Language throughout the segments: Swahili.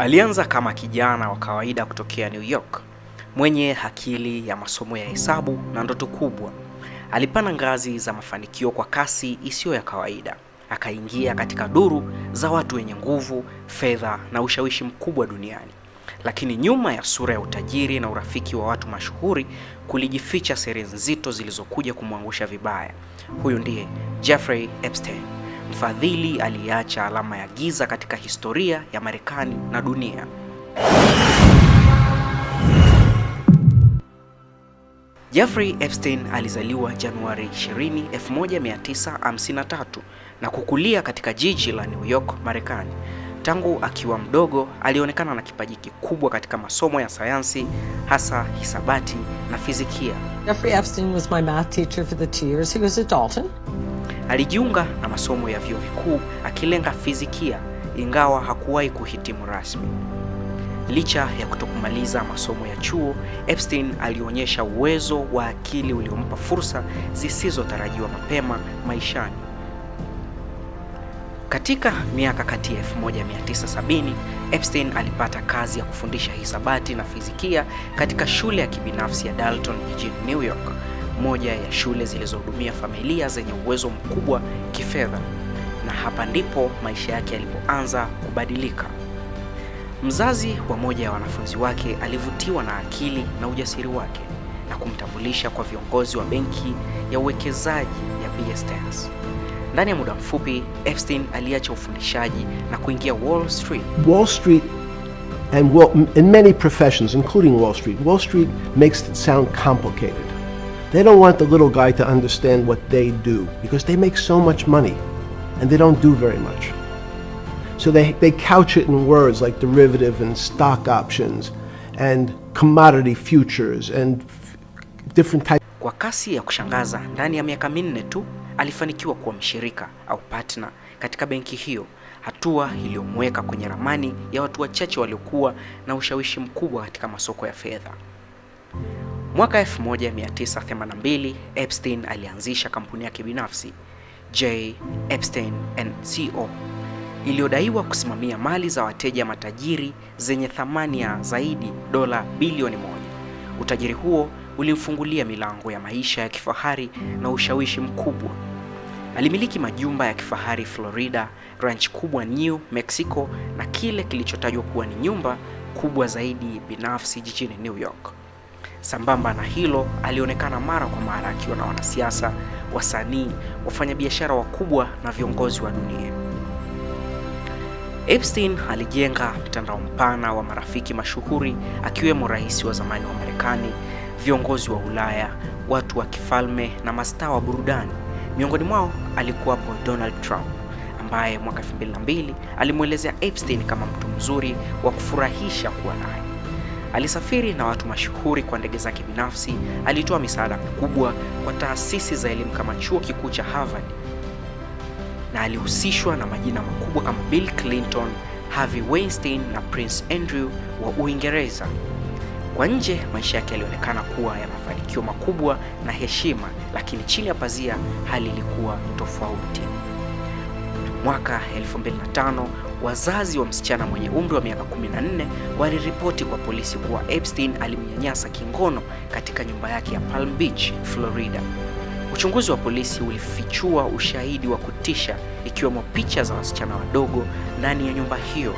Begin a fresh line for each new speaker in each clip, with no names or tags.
Alianza kama kijana wa kawaida kutokea New York mwenye akili ya masomo ya hesabu na ndoto kubwa. Alipanda ngazi za mafanikio kwa kasi isiyo ya kawaida, akaingia katika duru za watu wenye nguvu, fedha na ushawishi mkubwa duniani. Lakini nyuma ya sura ya utajiri na urafiki wa watu mashuhuri kulijificha siri nzito zilizokuja kumwangusha vibaya. Huyu ndiye Jeffrey Epstein. Mfadhili aliacha alama ya giza katika historia ya Marekani na dunia. Jeffrey Epstein alizaliwa Januari 20, 1953 na kukulia katika jiji la New York, Marekani. Tangu akiwa mdogo alionekana na kipaji kikubwa katika masomo ya sayansi hasa hisabati na fizikia.
Jeffrey Epstein was my math teacher for the two years he was at Dalton.
Alijiunga na masomo ya vyuo vikuu akilenga fizikia, ingawa hakuwahi kuhitimu rasmi. Licha ya kutokumaliza masomo ya chuo, Epstein alionyesha uwezo wa akili uliompa fursa zisizotarajiwa mapema maishani. Katika miaka kati ya 1970, Epstein alipata kazi ya kufundisha hisabati na fizikia katika shule ya kibinafsi ya Dalton jijini New York moja ya shule zilizohudumia familia zenye uwezo mkubwa kifedha, na hapa ndipo maisha yake yalipoanza kubadilika. Mzazi wa moja ya wanafunzi wake alivutiwa na akili na ujasiri wake na kumtambulisha kwa viongozi wa benki ya uwekezaji ya Bear Stearns. Ndani ya muda mfupi, Epstein aliacha ufundishaji na kuingia Wall Street.
Wall Street and, well, in many professions including Wall Street. Wall Street makes it sound complicated. They don't want the little guy to understand what they do because they make so much money and they don't do very much. So they, they couch it in words like derivative and stock options and commodity futures and different types.
Kwa kasi ya kushangaza, ndani ya miaka minne tu alifanikiwa kuwa mshirika au partner katika benki hiyo, hatua iliyomweka kwenye ramani ya watu wachache waliokuwa na ushawishi mkubwa katika masoko ya fedha. Mwaka 1982 Epstein alianzisha kampuni yake binafsi J Epstein and Co iliyodaiwa kusimamia mali za wateja matajiri zenye thamani ya zaidi dola bilioni moja. Utajiri huo ulimfungulia milango ya maisha ya kifahari na ushawishi mkubwa. Alimiliki majumba ya kifahari Florida, ranch kubwa New Mexico na kile kilichotajwa kuwa ni nyumba kubwa zaidi binafsi jijini New York. Sambamba na hilo, alionekana mara kwa mara akiwa na wanasiasa, wasanii, wafanyabiashara wakubwa na viongozi wa dunia. Epstein alijenga mtandao mpana wa marafiki mashuhuri akiwemo rais wa zamani wa Marekani, viongozi wa Ulaya, watu wa kifalme na mastaa wa burudani. Miongoni mwao alikuwapo Donald Trump ambaye mwaka 2002 alimwelezea Epstein kama mtu mzuri wa kufurahisha kuwa naye. Alisafiri na watu mashuhuri kwa ndege zake binafsi. Alitoa misaada mikubwa kwa taasisi za elimu kama chuo kikuu cha Harvard, na alihusishwa na majina makubwa kama Bill Clinton, Harvey Weinstein na Prince Andrew wa Uingereza. Kwa nje, maisha yake yalionekana kuwa ya mafanikio makubwa na heshima, lakini chini ya pazia hali ilikuwa tofauti. Mwaka 2005 Wazazi wa msichana mwenye umri wa miaka 14 waliripoti kwa polisi kuwa Epstein alimnyanyasa kingono katika nyumba yake ya Palm Beach, Florida. Uchunguzi wa polisi ulifichua ushahidi wa kutisha ikiwemo picha za wasichana wadogo ndani ya nyumba hiyo.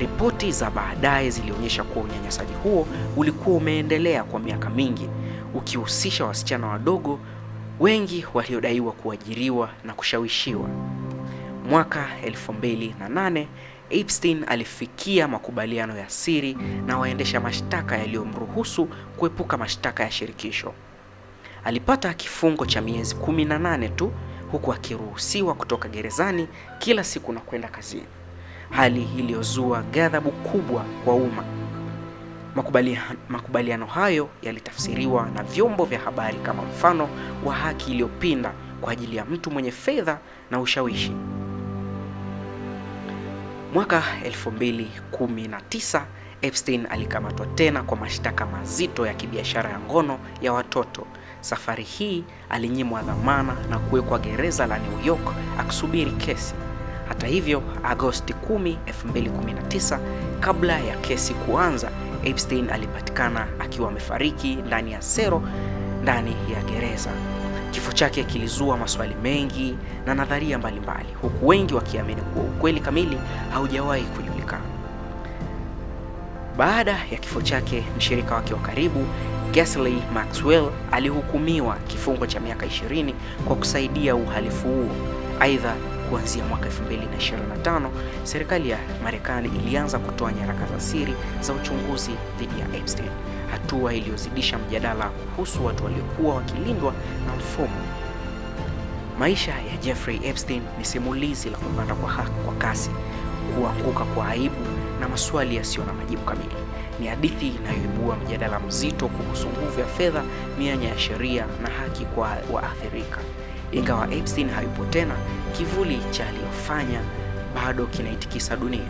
Ripoti za baadaye zilionyesha kuwa unyanyasaji huo ulikuwa umeendelea kwa miaka mingi, ukihusisha wasichana wadogo wengi waliodaiwa kuajiriwa na kushawishiwa. Mwaka 2008 Epstein alifikia makubaliano ya siri na waendesha mashtaka yaliyomruhusu kuepuka mashtaka ya shirikisho. Alipata kifungo cha miezi 18 tu huku akiruhusiwa kutoka gerezani kila siku na kwenda kazini, hali iliyozua ghadhabu kubwa kwa umma. Makubaliano, makubaliano hayo yalitafsiriwa na vyombo vya habari kama mfano wa haki iliyopinda kwa ajili ya mtu mwenye fedha na ushawishi. Mwaka 2019 Epstein alikamatwa tena kwa mashtaka mazito ya kibiashara ya ngono ya watoto. Safari hii alinyimwa dhamana na kuwekwa gereza la New York akisubiri kesi. Hata hivyo, Agosti 10, 2019, kabla ya kesi kuanza, Epstein alipatikana akiwa amefariki ndani ya sero ndani ya gereza. Kifo chake kilizua maswali mengi na nadharia mbalimbali mbali, huku wengi wakiamini kuwa ukweli kamili haujawahi kujulikana. Baada ya kifo chake, mshirika wake wa karibu Ghislaine Maxwell alihukumiwa kifungo cha miaka 20 kwa kusaidia uhalifu huo. Aidha, Kuanzia mwaka 2025, serikali ya Marekani ilianza kutoa nyaraka za siri za uchunguzi dhidi ya Epstein, hatua iliyozidisha mjadala kuhusu watu waliokuwa wakilindwa na mfumo. Maisha ya Jeffrey Epstein ni simulizi la kupanda kwa, kwa kasi, kuanguka kwa aibu na maswali yasiyo na majibu kamili. Ni hadithi inayoibua mjadala mzito kuhusu nguvu ya fedha, mianya ya sheria na haki kwa waathirika. Ingawa Epstein hayupo tena, kivuli cha aliyofanya bado kinaitikisa dunia.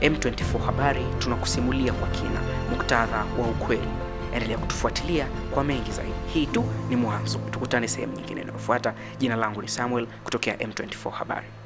M24 Habari tunakusimulia kwa kina muktadha wa ukweli. Endelea kutufuatilia kwa mengi zaidi. Hii tu ni mwanzo, tukutane sehemu nyingine inayofuata. Jina langu ni Samuel kutokea M24 Habari.